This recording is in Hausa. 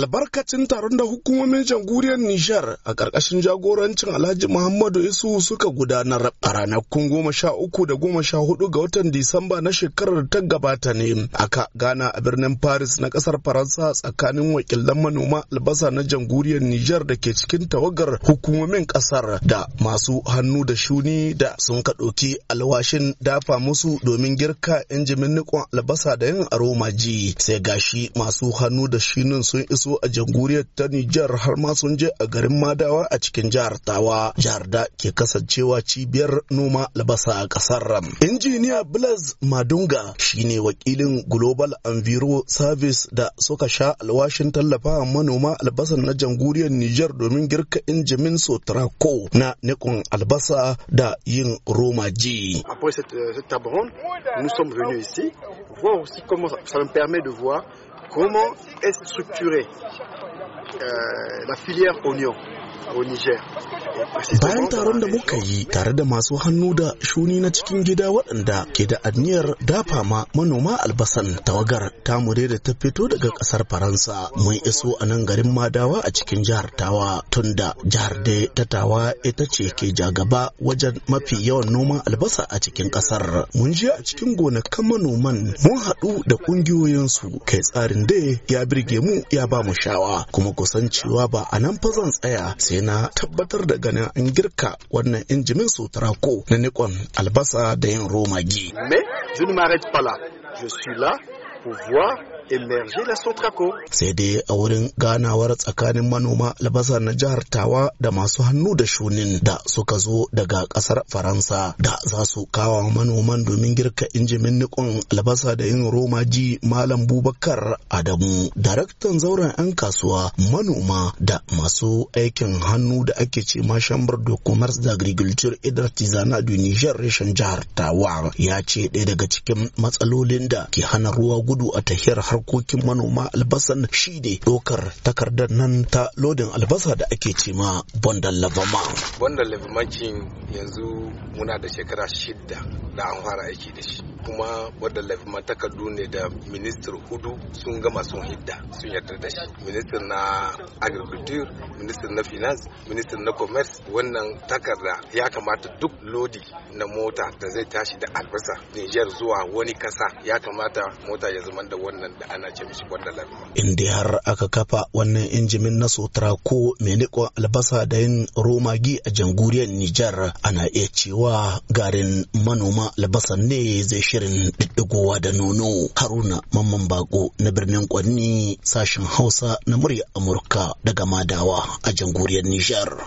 albarkacin taron da hukumomin jamhuriyar Nijar a ƙarƙashin jagorancin Alhaji Muhammadu Isu suka gudanar a ranakun goma sha uku da goma sha hudu ga watan Disamba na shekarar ta gabata ne aka gana a birnin Paris na ƙasar Faransa tsakanin wakilan manoma albasa na jamhuriyar Nijar da ke cikin tawagar hukumomin ƙasar da masu hannu da shuni da sun ka ɗauki alwashin dafa musu domin girka injimin niƙon albasa da yin aroma ji sai gashi masu hannu da shinin sun iso su a jamhuriyar ta Nijar har ma sun je a garin Madawa a cikin jihar Tawa. Jihar da ke kasancewa cibiyar noma albasa a kasar. Injiniya Blaise Madunga shine wakilin Global Enviro Service da suka sha alwashin tallafa manoma albasan na jamhuriyar Nijar domin girka injimin sotrako na nikon albasa da yin Roma Après cette, euh, cette table nous sommes venus ici voir aussi comment ça, ça Comment est structurée euh, la filière oignon Bayan taron da muka yi tare da masu hannu da shuni na cikin gida waɗanda ke da aniyar dafa ma manoma albasan tawagar ta tamu da ta fito daga ƙasar Faransa mun iso a nan garin Madawa a cikin jihar Tawa tunda jihar da ta Tawa ita ce ke jagaba wajen mafi yawan noman albasa a cikin ƙasar. Mun je a cikin gonakan manoman mun haɗu da ƙungiyoyinsu kai tsarin da ya birge mu ya ba mu shawa kuma kusan cewa ba a nan fa zan tsaya sai na tabbatar da ganin an girka wannan injimin sotarako na nikon albasa da yin romagi. Mais je ne m'arrête pas là. Je suis là pour voir immerger la Sai dai a wurin ganawar tsakanin manoma albasa na jihar Tawa da masu hannu da shunin da suka zo daga kasar Faransa da za su kawo manoman domin girka injimin nikon albasa da yin roma ji Malam Bubakar Adamu, daraktan zauren 'yan kasuwa manoma da masu aikin hannu da ake ce ma shambar dokumar da agriculture et artisanat du Niger reshen jihar Tawa ya ce ɗaya daga cikin matsalolin da ke hana ruwa gudu a tahiyar har harkokin manoma albasan shi ne dokar takardar nan ta lodin albasa da ake ce ma bondan labama. Bondan labama yanzu muna da shekara shidda da an fara aiki da shi. kuma wadda ma takardu ne da minister hudu sun gama sun hidda sun yarda da shi minister na agriculture minister na finance minister na commerce wannan takarda ya kamata duk lodi na mota da zai tashi da albasa niger zuwa wani kasa ya kamata mota ya zama da wannan da ana ce mishi wadda ma. inda har aka kafa wannan injimin na sotra ko mai albasa da yin romagi a jamhuriyar niger ana iya cewa garin manoma albasan ne zai shirya shirin diddigowa da nono haruna mamman bako na birnin kwanni sashen hausa na murya amurka daga madawa a jamhuriyar nijar